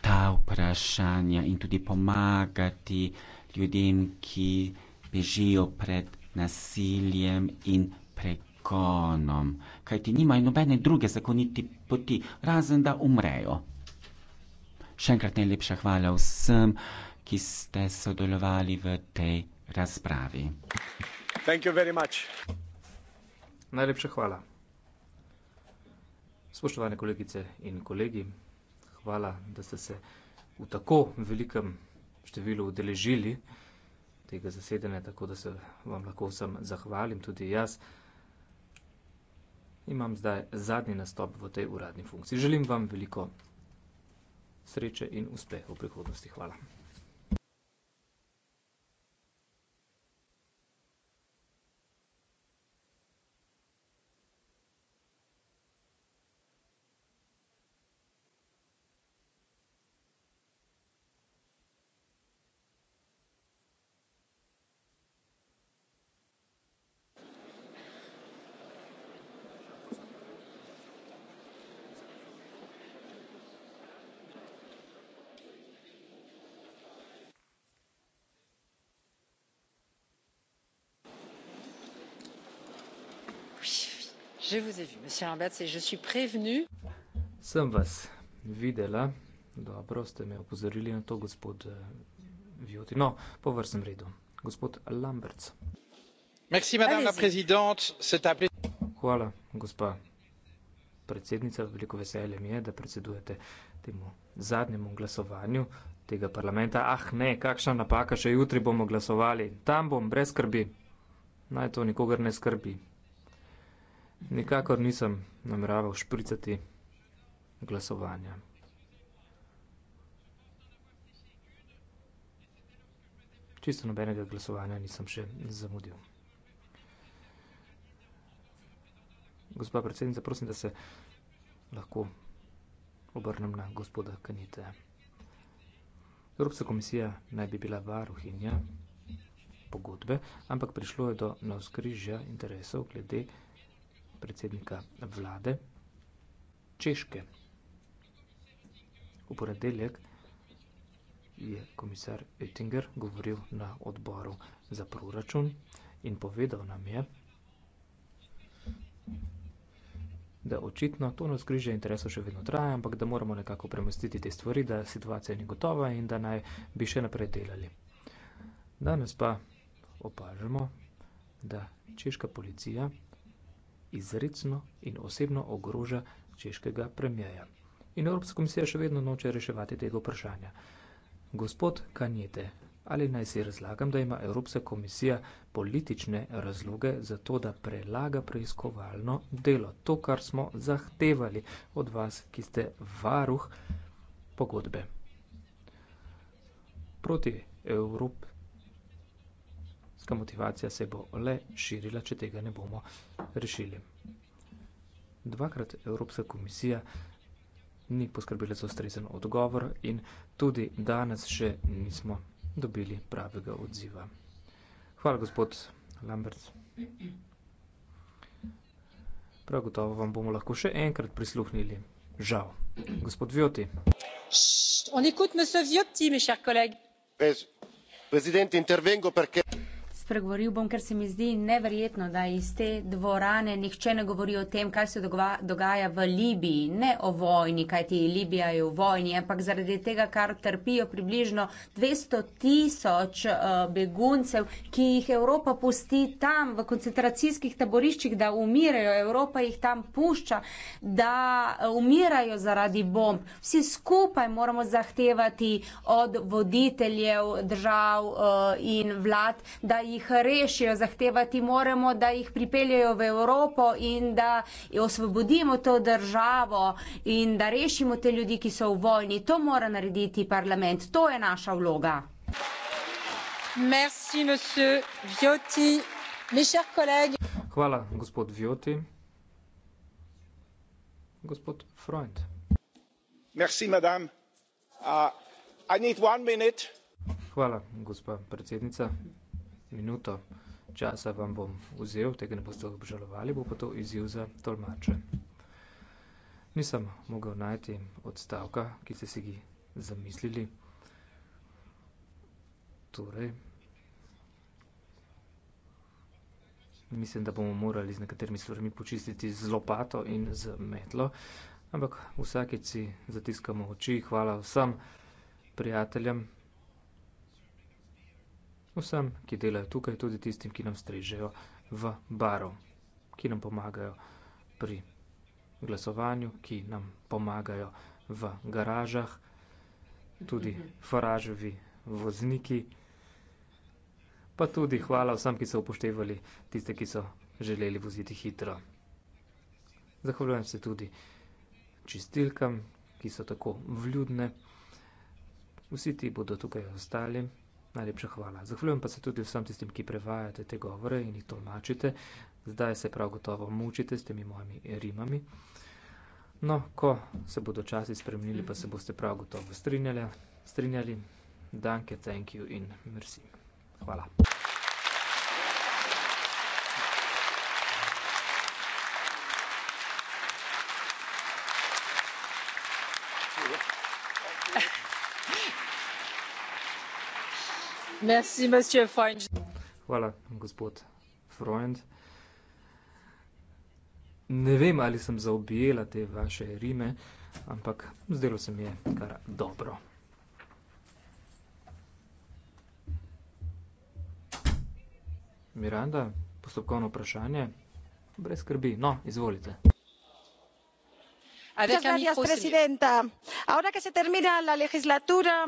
ta vprašanja in tudi pomagati ljudem, ki bežijo pred nasiljem in pregonom. Kaj ti nimajo nobene druge zakoniti poti, razen da umrejo. Še enkrat najlepša hvala vsem, ki ste sodelovali v tej razpravi. Thank you very much. Najlepša hvala. Spoštovane kolegice in kolegi, hvala, da ste se v tako velikem številu udeležili tega zasedanja, tako da se vam lahko vsem zahvalim, tudi jaz. Imam zdaj zadnji nastop v tej uradni funkciji. Želim vam veliko sreče in uspeh v prihodnosti. Hvala. Je vous ai vu, monsieur Abbas, et je suis prévenu. Sem vas videla, dobro ste me opozorili na to, gospod eh, Vjoti. No, po vrstnem redu. Gospod Lamberts. Merci, madame la présidente, c'est un plaisir. Hvala, gospa predsednica, veliko veselje mi je, da predsedujete temu zadnjemu glasovanju tega parlamenta. Ah, ne, kakšna napaka, še jutri bomo glasovali. Tam bom, brez skrbi. Naj to nikogar ne skrbi. Nikakor nisem nameraval špricati glasovanja. Čisto nobenega glasovanja nisem še zamudil. Gospa predsednica, prosim, da se lahko obrnem na gospoda Kanite. Evropska komisija naj bi bila varuhinja pogodbe, ampak prišlo je do navskrižja interesov glede predsednika vlade Češke. V ponedeljek je komisar Oettinger govoril na odboru za proračun in povedal nam je, da očitno to razkrižje interesov še vedno traja, ampak da moramo nekako premestiti te stvari, da situacija ni gotova in da naj bi še naprej delali. Danes pa opažamo, da češka policija izrecno in osebno ogroža češkega premijeja. In Evropska komisija še vedno noče reševati tega vprašanja. Gospod Kanjete, ali naj si razlagam, da ima Evropska komisija politične razloge za to, da prelaga preiskovalno delo, to, kar smo zahtevali od vas, ki ste varuh pogodbe. Proti Evropi. Ljudska motivacija se bo le širila, če tega ne bomo rešili. Dvakrat Evropska komisija ni poskrbila za ustrezen odgovor in tudi danes še nismo dobili pravega odziva. Hvala, gospod Lambert. Prav gotovo vam bomo lahko še enkrat prisluhnili. Žal. Gospod Vjoti. On écoute monsieur Vjoti, mes chers collègues. Président, intervengo perché spregovoril bom, ker se mi zdi neverjetno, da iz te dvorane nihče ne govori o tem, kaj se dogaja v Libiji. Ne o vojni, kaj ti Libija je v vojni, ampak zaradi tega, kar trpijo približno 200 tisoč eh, beguncev, ki jih Evropa pusti tam v koncentracijskih taboriščih, da umirajo. Evropa jih tam pušča, da eh, umirajo zaradi bomb. Vsi skupaj moramo zahtevati od voditeljev držav eh, in vlad, da jih jih rešijo, zahtevati moramo, da jih pripeljajo v Evropo in da osvobodimo to državo in da rešimo te ljudi, ki so v vojni. To mora narediti parlament. To je naša vloga. Merci, Hvala, gospod Vjoti. Gospod Freund. Merci, madame. Uh, I need one minute. Hvala, gospa predsednica minuto časa vam bom vzel, tega ne boste obžalovali, bo pa to izziv za tolmače. Nisem mogel najti odstavka, ki ste si ga zamislili. Torej, mislim, da bomo morali z nekaterimi stvarmi počistiti z lopato in z metlo, ampak vsakeč si zatiskamo oči. Hvala vsem prijateljem, vsem, ki delajo tukaj, tudi tistim, ki nam strežejo v baru, ki nam pomagajo pri glasovanju, ki nam pomagajo v garažah, tudi faražovi vozniki, pa tudi hvala vsem, ki so upoštevali tiste, ki so želeli voziti hitro. Zahvaljujem se tudi čistilkam, ki so tako vljudne. Vsi ti bodo tukaj ostali. Najlepša hvala. Zahvaljujem pa se tudi vsem tistim, ki prevajate te govore in jih tolmačite. Zdaj se prav gotovo mučite s temi mojimi rimami. No, ko se bodo časi spremenili, pa se boste prav gotovo strinjali. strinjali. Danke, thank you in merci. Hvala. Merci, monsieur Freund. Hvala, gospod Freund. Ne vem, ali sem zaobjela te vaše rime, ampak zdelo se mi je kar dobro. Miranda, postopkovno vprašanje? Brez skrbi. No, izvolite señora presidenta ahora que se termina la legislatura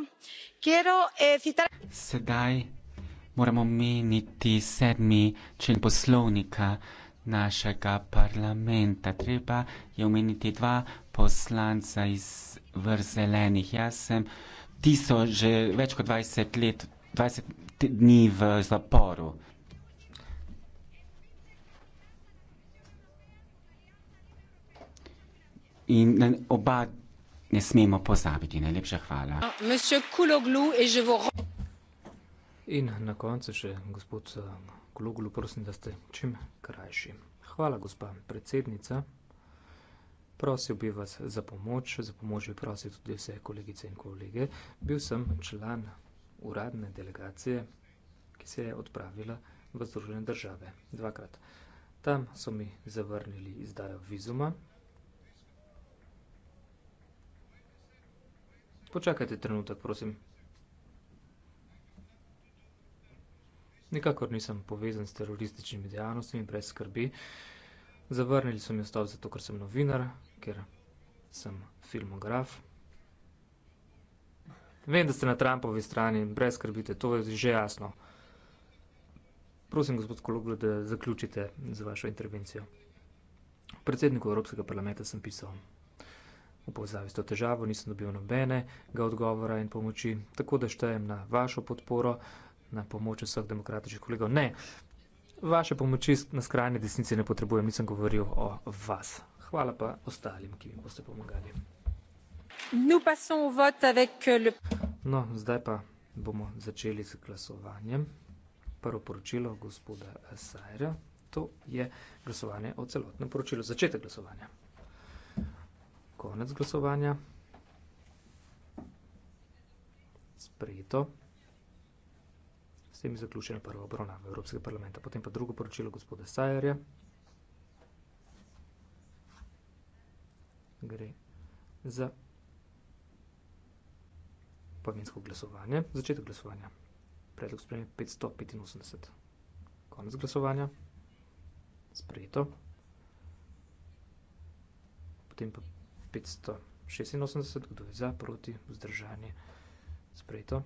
quiero eh, citar. sedaj moram omeniti sedmi člen poslovnika našega parlamenta treba je omeniti dva poslanca iz vrst zelenih jaz sem tisto že več kot dvajset let dvajset dni v zaporu. In oba ne smemo pozabiti. Najlepša hvala. In na koncu še gospod eh, Kologlu, prosim, da ste čim krajši. Hvala, gospa predsednica. Prosil bi vas za pomoč, za pomoč bi prosil tudi vse kolegice in kolege. Bil sem član uradne delegacije, ki se je odpravila v Združene države dvakrat. Tam so mi zavrnili izdajo vizuma, Počakajte trenutek, prosim. Nikakor nisem povezan s terorističnimi dejavnostmi in brez skrbi. Zavrnili so mi vstop zato, ker sem novinar, ker sem filmograf. Vem, da ste na Trumpovi strani in brez skrbite, to je že jasno. Prosim, gospod Kologlo, da zaključite z vašo intervencijo. Predsedniku Evropskega parlamenta sem pisal. V povezavi s to težavo nisem dobil nobenega odgovora in pomoči, tako da štejem na vašo podporo, na pomoč vseh demokratičnih kolegov. Ne, vaše pomoči na skrajni desnici ne potrebujem, nisem govoril o vas. Hvala pa ostalim, ki mi boste pomagali. Euh, no, zdaj pa bomo začeli z glasovanjem. Prvo poročilo gospoda Sajra, to je glasovanje o celotnem poročilu, začetek glasovanja. Konec glasovanja. Sprejeto. S tem je zaključena prva obravnava Evropskega parlamenta, potem pa drugo poročilo gospoda Sajerja. Gre za pomensko glasovanje. Začetek glasovanja. Predlog sprejem 585. Konec glasovanja. Sprejeto. Potem pa 586 glasov za proti vzdržanju. Sprejeto.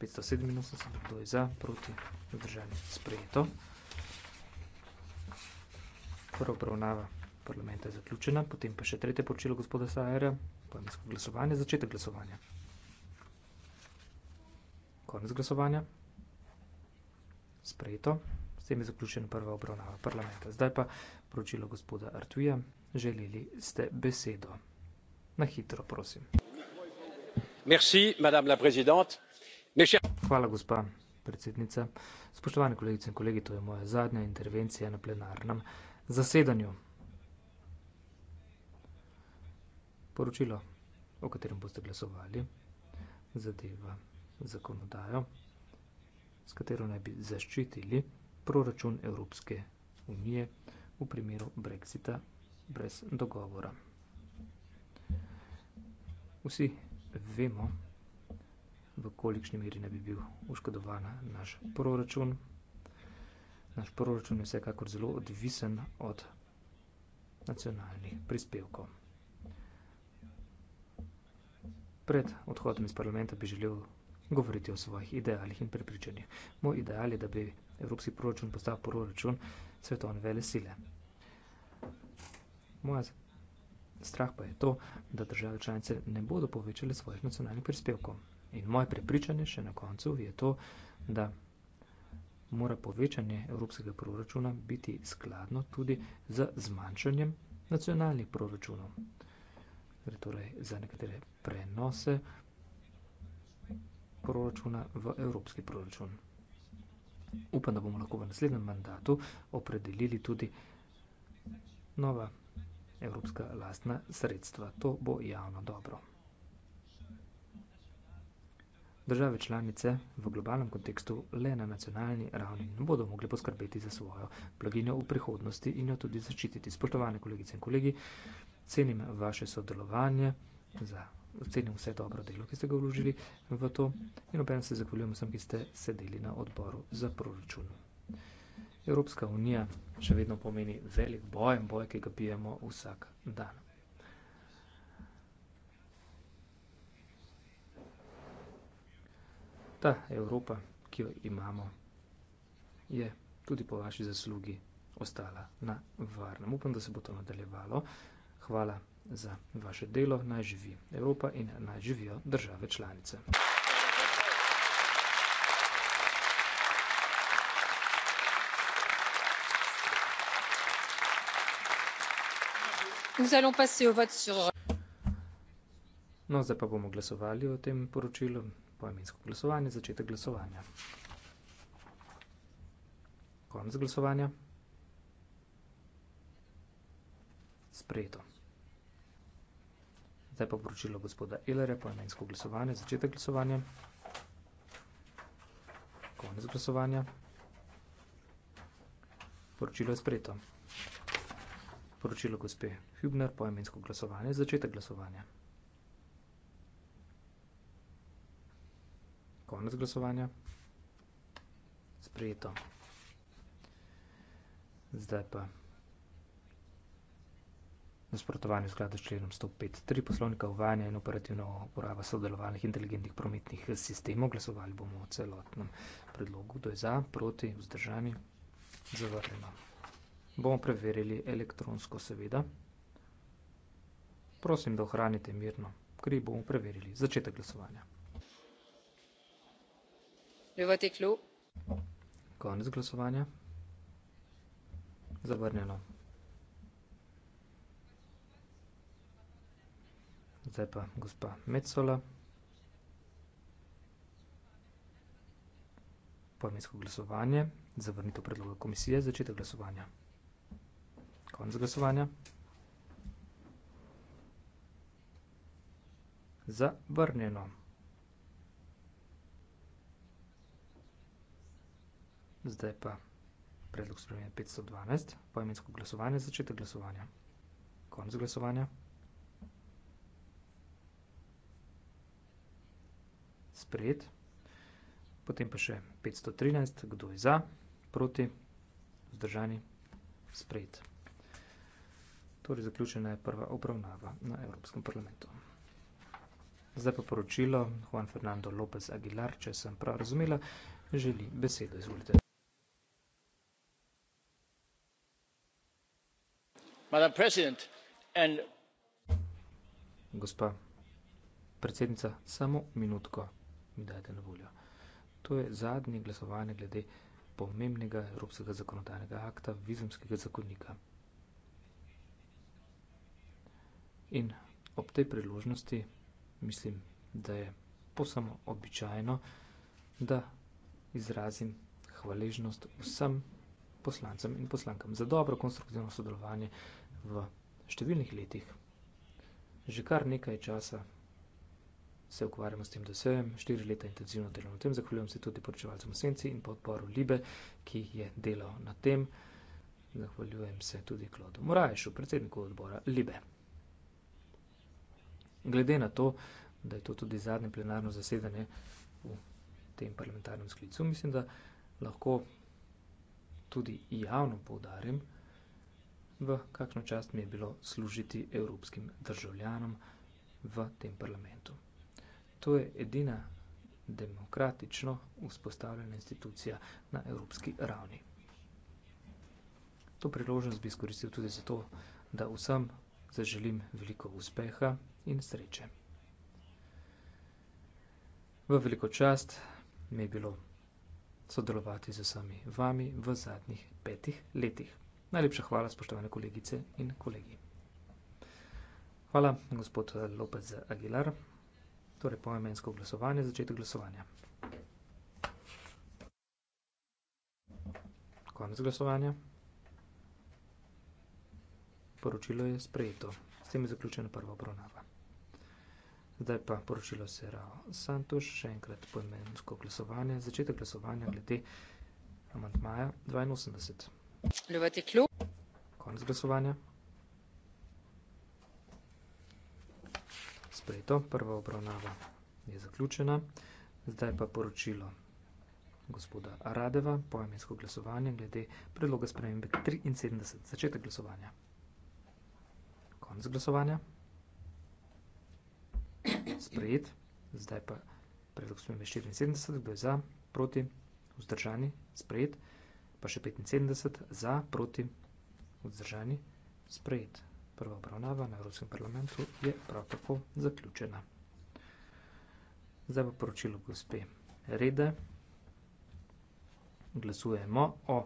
587 glasov za proti vzdržanju. Sprejeto. Prva obravnava parlamenta je zaključena, potem pa še tretje poročilo gospoda Sajera, poemensko glasovanje, začetek glasovanja. Konec glasovanja. Sprejeto tem je zaključen prva obravnava parlamenta. Zdaj pa poročilo gospoda Artuja. Želeli ste besedo. Na hitro, prosim. Merci, madame la présidente. Hvala, gospa predsednica. Spoštovane kolegice in kolegi, to je moja zadnja intervencija na plenarnem zasedanju. Poročilo, o katerem boste glasovali, zadeva zakonodajo, s katero naj bi zaščitili proračun Evropske unije v primeru Brexita brez dogovora. Vsi vemo, v kolikšni meri ne bi bil uškodovan naš proračun. Naš proračun je vsekakor zelo odvisen od nacionalnih prispevkov. Pred odhodom iz parlamenta bi želel govoriti o svojih idealih in prepričanjih. Moj ideal je, da bi evropski proračun postaja proračun svetovne vele sile. Moja strah pa je to, da države članice ne bodo povečale svojih nacionalnih prispevkov. In moje prepričanje še na koncu je to, da mora povečanje evropskega proračuna biti skladno tudi z zmanjšanjem nacionalnih proračunov. Gre torej za nekatere prenose proračuna v evropski proračun upam, da bomo lahko v naslednjem mandatu opredelili tudi nova evropska lastna sredstva. To bo javno dobro. Države članice v globalnem kontekstu le na nacionalni ravni ne bodo mogli poskrbeti za svojo blaginjo v prihodnosti in jo tudi zaščititi. Spoštovane kolegice in kolegi, cenim vaše sodelovanje za ocenim vse dobro delo, ki ste ga vložili v to in obenem se zahvaljujem vsem, ki ste sedeli na odboru za proračun. Evropska unija še vedno pomeni velik boj, boj, ki ga pijemo vsak dan. Ta Evropa, ki jo imamo, je tudi po vaši zaslugi ostala na varnem. Upam, da se bo to nadaljevalo. Hvala za vaše delo, naj živi Evropa in naj živijo države članice. No, zdaj pa bomo glasovali o tem poročilu, poemensko glasovanje, začetek glasovanja. Konec glasovanja. Sprejeto. Zdaj pa poročilo gospoda Elere, poimensko glasovanje, začetek glasovanja, konec glasovanja. Poročilo je spreto. Poročilo gospe Hübner, poimensko glasovanje, začetek glasovanja. Konec glasovanja. Sprejeto. Zdaj pa nasprotovanju skladu s členom 105.3 poslovnika uvajanja in operativno uporaba sodelovalnih inteligentnih prometnih sistemov. Glasovali bomo o celotnem predlogu. Kdo je za, proti, vzdržani, zavrnjeno. Bomo preverili elektronsko seveda. Prosim, da ohranite mirno. Kri bomo preverili. Začetek glasovanja. Ljubati klub. Konec glasovanja. Zavrnjeno. Zdaj pa gospa Metzola. Poimensko glasovanje. Zavrnitev predloga komisije. Začetek glasovanja. Konc glasovanja. Zavrnjeno. Zdaj pa predlog spremenja 512. Poimensko glasovanje. Začetek glasovanja. Konc glasovanja. sprejet. Potem pa še 513, kdo je za, proti, vzdržani, sprejet. Torej zaključena je prva obravnava na Evropskem parlamentu. Zdaj pa poročilo Juan Fernando López Aguilar, če sem prav razumela, želi besedo, izvolite. Madam president and... Gospa predsednica, samo minutko mi dajte na voljo. To je zadnje glasovanje glede pomembnega evropskega zakonodajnega akta, vizumskega zakonika. In ob tej priložnosti mislim, da je posamo običajno, da izrazim hvaležnost vsem poslancem in poslankam za dobro konstruktivno sodelovanje v številnih letih. Že kar nekaj časa se ukvarjamo s tem, da se vem, štiri leta intenzivno delamo na tem. Zahvaljujem se tudi poročevalcem Senci in podporu Libe, ki je delal na tem. Zahvaljujem se tudi Klodu Morajšu, predsedniku odbora Libe. Glede na to, da je to tudi zadnje plenarno zasedanje v tem parlamentarnem sklicu, mislim, da lahko tudi javno povdarim, v kakšno čast mi je bilo služiti evropskim državljanom v tem parlamentu. To je edina demokratično vzpostavljena institucija na evropski ravni. To priložnost bi izkoristil tudi zato, da vsem zaželim veliko uspeha in sreče. V veliko čast mi je bilo sodelovati z vsemi vami v zadnjih petih letih. Najlepša hvala, spoštovane kolegice in kolegi. Hvala, gospod Lopez Aguilar. Torej, poemensko glasovanje, začetek glasovanja. Konec glasovanja. Poročilo je sprejeto. S tem je zaključena prva obravnava. Zdaj pa poročilo se Rao Santuš, še enkrat poemensko glasovanje, začetek glasovanja glede amantmaja 82. Ljubati klub. Konec glasovanja. sprejeto, prva obravnava je zaključena. Zdaj pa poročilo gospoda Aradeva, pojemensko glasovanje glede predloga spremembe 73, začetek glasovanja. Konc glasovanja. Sprejet. Zdaj pa predlog spremembe 74, kdo je za, proti, vzdržani, sprejet. Pa še 75, za, proti, vzdržani, sprejet. Prva obravnava na Evropskem parlamentu je prav tako zaključena. Zdaj v poročilu gospe Rede glasujemo o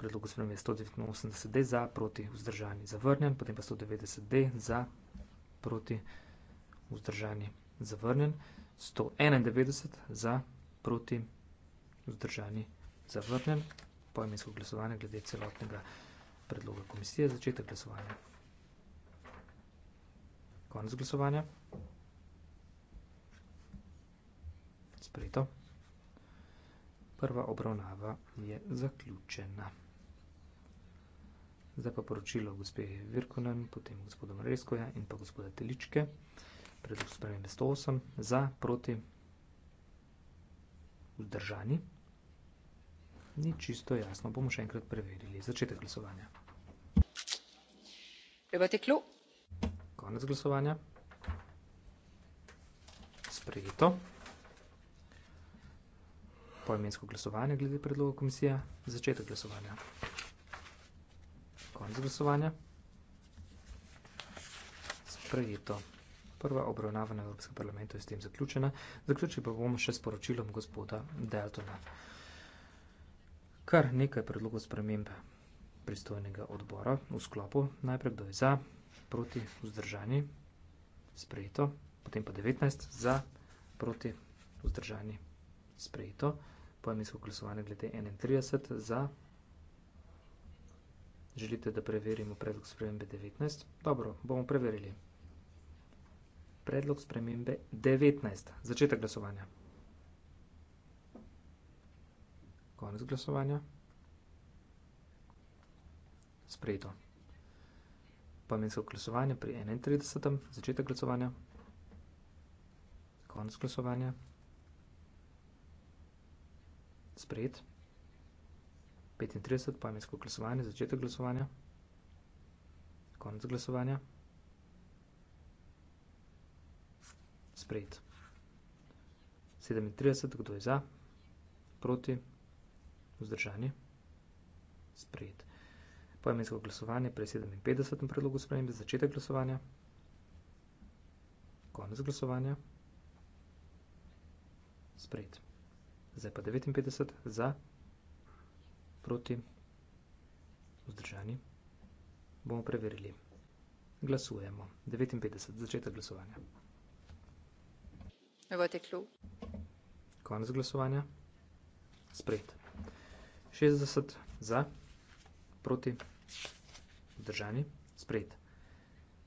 predlogu spremembe 189D za proti vzdržani zavrnjen, potem pa 190D za proti vzdržani zavrnjen, 191 za proti vzdržani zavrnjen, poimensko glasovanje glede celotnega predloga komisije, začetek glasovanja. Konec glasovanja. Sprejeto. Prva obravnava je zaključena. Zdaj pa poročilo gospe Virkonen, potem gospoda Mreskoja in pa gospoda Teličke. Predlog spremembe 108 za proti vzdržani. Ni čisto jasno, bomo še enkrat preverili začetek glasovanja. Le bateklo. Konec glasovanja. Sprejeto. Poimensko glasovanje glede predloga komisije. Začetek glasovanja. Konec glasovanja. Sprejeto. Prva obravnava na Evropskem parlamentu je s tem zaključena. Zaključili pa bomo še s poročilom gospoda Deltona. Kar nekaj predlogov spremembe pristojnega odbora v sklopu. Najprej kdo je za, proti vzdržani, sprejeto, potem pa 19 za proti vzdržani, sprejeto, pojemnisko glasovanje glede 31 za, želite, da preverimo predlog spremembe 19, dobro, bomo preverili, predlog spremembe 19, začetek glasovanja, konec glasovanja, sprejeto, sprejeto, Pomensko glasovanje pri 31. začetek glasovanja, konc glasovanja, sprejet, 35. pomensko glasovanje, začetek glasovanja, konc glasovanja, sprejet, 37. kdo je za, proti, vzdržanje, sprejet poemensko glasovanje pri 57. predlogu spremembe, začetek glasovanja, konec glasovanja, sprejet. Zdaj pa 59 za, proti, vzdržani. Bomo preverili. Glasujemo. 59, začetek glasovanja. V teklu. Konec glasovanja. Sprejet. 60 za, proti, vzdržani. Vzdržani. Sprejet.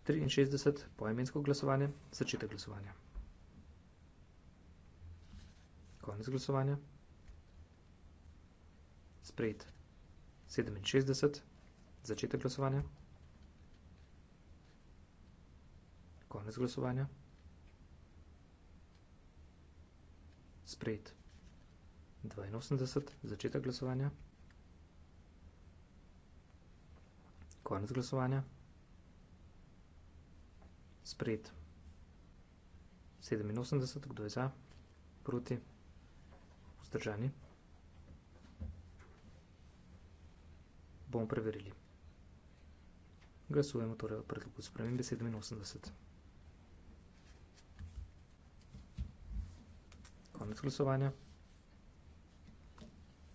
63. Poemensko glasovanje. Začetek glasovanja. Konec glasovanja. Sprejet. 67. Začetek glasovanja. Konec glasovanja. Sprejet. 82. Začetek glasovanja. Konec glasovanja. Sprejet. 87, kdo je za? Proti. Vzdržani. Bomo preverili. Glasujemo torej o predlogu spremembe 87. Konec glasovanja.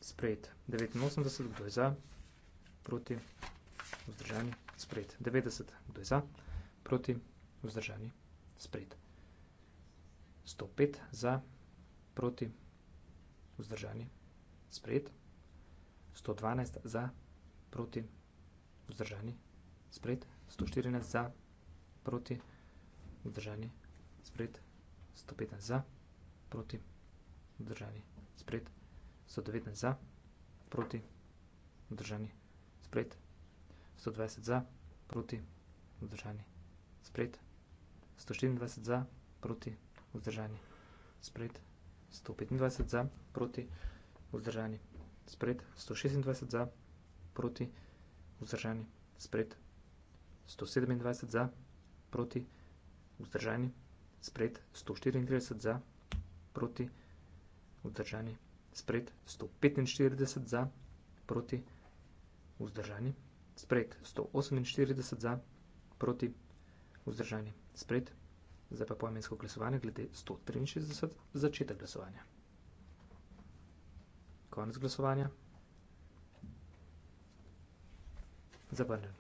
Sprejet. 89, kdo je za? Proti vzdržani, sprejet. 90, kdo je za, proti, vzdržani, sprejet. 105, za, proti, vzdržani, sprejet. 112, za, proti, vzdržani, sprejet. 114, za, proti, vzdržani, sprejet. 115, za, proti, vzdržani, sprejet. 119, za, proti, vzdržani, sprejet. 120 za, proti, vzdržani, sprejet. 124 za, proti, vzdržani, sprejet. 125 za, proti, vzdržani, sprejet. 126 za, proti, vzdržani, sprejet. 127 za, proti, vzdržani, sprejet. 134 za, proti, vzdržani, sprejet. 145 za, proti, vzdržani, sprejet. Sprejet 148 za, proti vzdržanje. Sprejet. Zdaj pa poemensko glasovanje glede 163 začetek glasovanja. Konec glasovanja. Zavrnjen.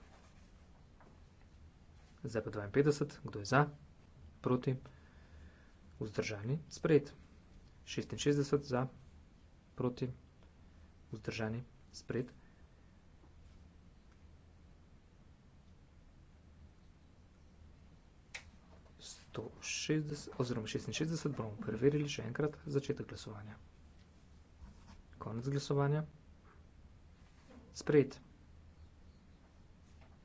Zdaj pa 52, kdo je za, proti, vzdržani, sprejet. 66 za, proti, vzdržani, sprejet. 160, oziroma 66, bomo preverili še enkrat začetek glasovanja. Konec glasovanja. Sprejet.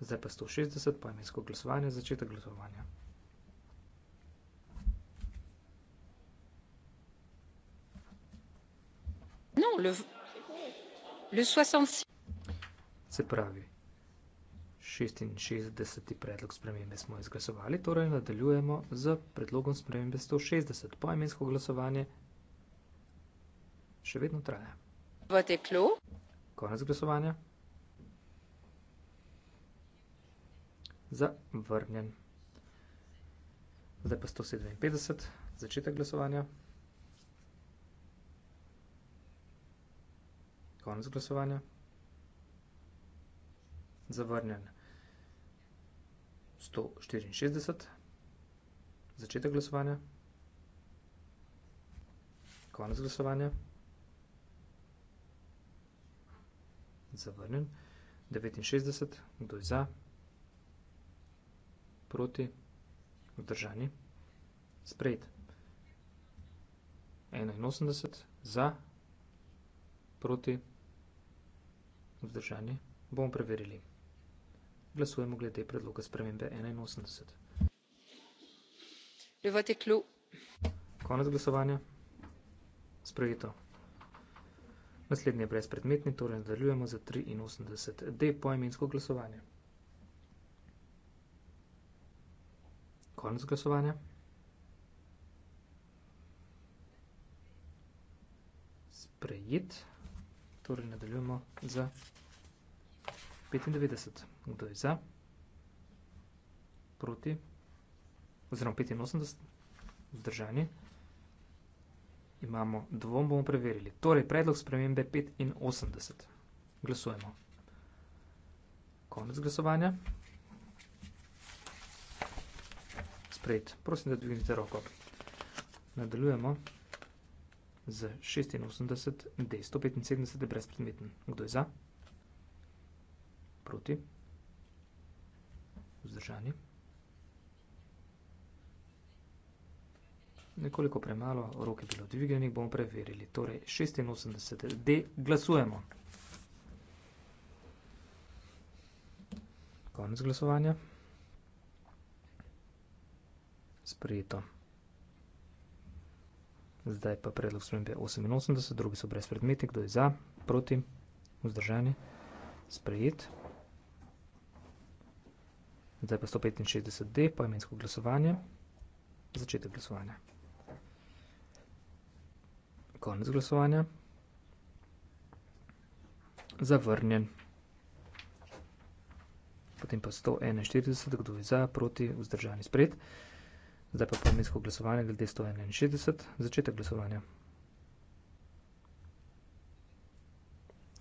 Zdaj pa 160, poemensko glasovanje, začetek glasovanja. Non, le, le 66. Se pravi, 66. predlog spremembe smo izglasovali, torej nadaljujemo z predlogom spremembe 160. Poimensko glasovanje še vedno traja. V teklu. Konec glasovanja. Zavrnjen. Zdaj pa 157. Začetek glasovanja. Konec glasovanja. Zavrnjen. 164, začetek glasovanja, konec glasovanja, zavrnjen, 69, kdo je za, proti, vdržani, sprejet, 81, za, proti, vzdržani, bomo preverili glasujemo glede predloga spremembe enainosemdeset konec glasovanja sprejeto naslednji je brezpredmetni torej nadaljujemo za triinosemdeset d poimensko glasovanje konec glasovanja sprejet torej nadaljujemo z 95 kdo je za, proti, oziroma 85 vzdržani. Imamo dvom, bomo preverili. Torej, predlog spremembe 85. Glasujemo. Konec glasovanja. Sprejet. Prosim, da dvignite roko. Nadaljujemo z 86, D 175 je brezpredmeten. Kdo je za? proti, vzdržani. Nekoliko premalo, roke bilo dvigenih, bomo preverili. Torej, 86D, glasujemo. Konec glasovanja. Sprejeto. Zdaj pa predlog spremembe 88, drugi so brez predmeti, kdo je za, proti, vzdržani, sprejeti. Zdaj pa 165D, poimensko glasovanje, začetek glasovanja. Konec glasovanja. Zavrnjen. Potem pa 141, kdo je za, proti, vzdržani spred. Zdaj pa poimensko glasovanje glede 161, začetek glasovanja.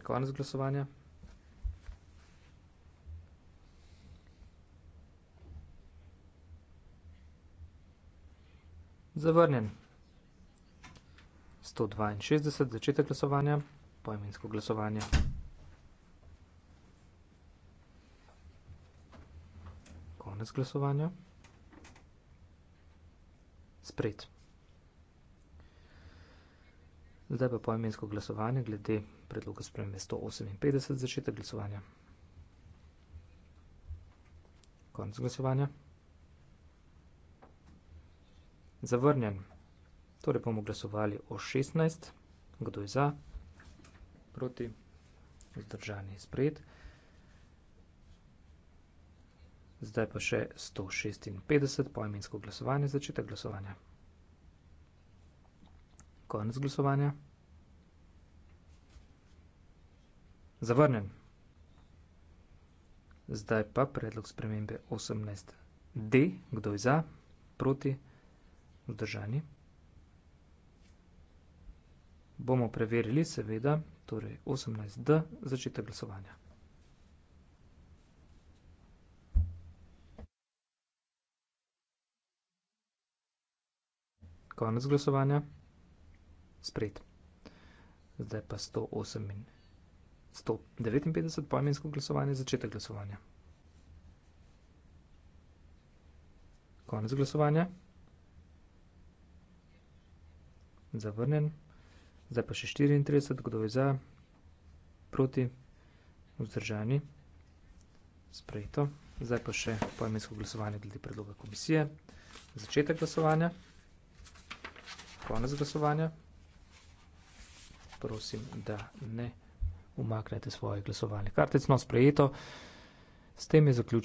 Konec glasovanja. Zavrnjen. 162, začetek glasovanja, poimensko glasovanje. Konec glasovanja. Spred. Zdaj pa poimensko glasovanje glede predloga spremembe 158, začetek glasovanja. Konec glasovanja. Zavrnjen. Torej bomo glasovali o 16. Kdo je za? Proti? Zdržani spred. Zdaj pa še 156 poimensko glasovanje, začetek glasovanja. Konec glasovanja. Zavrnjen. Zdaj pa predlog spremembe 18D. Kdo je za? Proti? Zdržani spred vzdržani. Bomo preverili seveda, torej 18D, začete glasovanja. Konec glasovanja. Spred. Zdaj pa 108 in 159 pojmensko glasovanje, začete glasovanja. Konec glasovanja. zavrnjen. Zdaj pa še 34, kdo je za, proti, vzdržani, sprejeto. Zdaj pa še pojmensko glasovanje glede predloga komisije. Začetek glasovanja, konec glasovanja. Prosim, da ne umaknete svoje glasovanje. Kartec no sprejeto, s tem je zaključen.